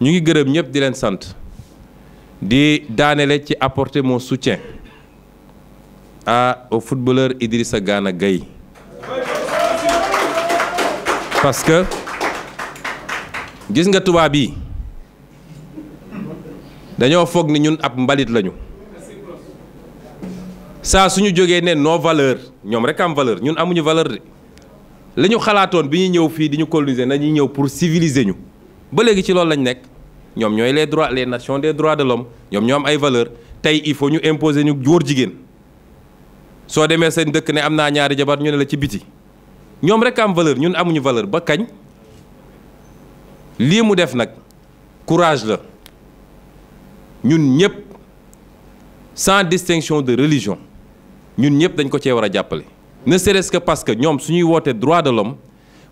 ñu ngi gërëm ñëpp di leen sant di daanele ci apporter mon soutien à au footballeur Idrissa a Gueye parce que gis nga tubaab yi dañoo foog ni ñun ab mbalit lañu saa ñu jógee ne nos valeur ñoom rek am valeur ñun amuñu valeur de li ñu xalaatoon bi ñuy ñëw fii di ñu coloniser nañuy ñëw pour civiliser ñu ba léegi ci loolu lañu nekk ñoom ñooy les droits les nation des droits de l'homme ñoom ñoo am ay valeur tey il faut ñu imposer ñu góor jigéen soo demee seen dëkk ne am naa ñaari jabar ñu ne la ci biti ñoom rek am valeur ñun amuñu valeur ba kañ lii mu def nag courage la ñun ñëpp sans distinction de religion ñun ñëpp dañ ko cee war a jàppale ne serait-ce que parce que ñoom suñuy woote droit de l'homme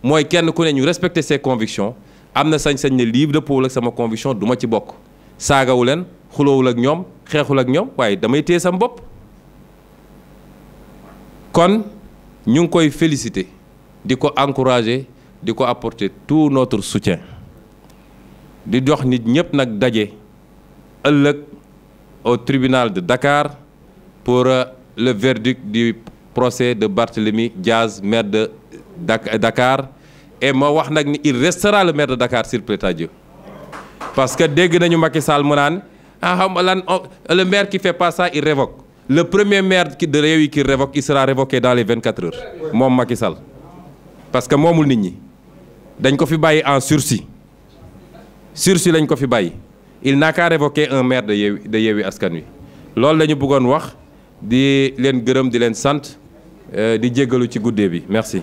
mooy kenn ku ne ñu respecter ses convictions am na sañ-sañ ne lii dëppoowul ak sama conviction duma ci bokk saagawu leen xuloowul ak ñoom xeexul ak ñoom waaye damay téye sam bopp kon ñu ngi koy félicité di ko encourager di ko apporter tout notre soutien di jox nit ñëpp nag daje ëllëg au tribunal de Dakar pour euh, le verdict du procès de Barthélemy Diaz maire de Dakar et ma wax nag ni il restera parce que dégg nañu Macky Sall mu naan ah xam lan oh, le maire qui fait pas ça il révoque le premier maire de Rewmi qui révoque moom Macky Sall parce que moomul nit ñi dañ ko fi bàyyi en sursis sursis lañ ko fi bàyyi il n'a qu'à révoquer un maire da Yewwi de Askan Wi loolu lañu ñu bëggoon wax di leen gërëm di leen sant euh, di jéggalu ci guddee bi merci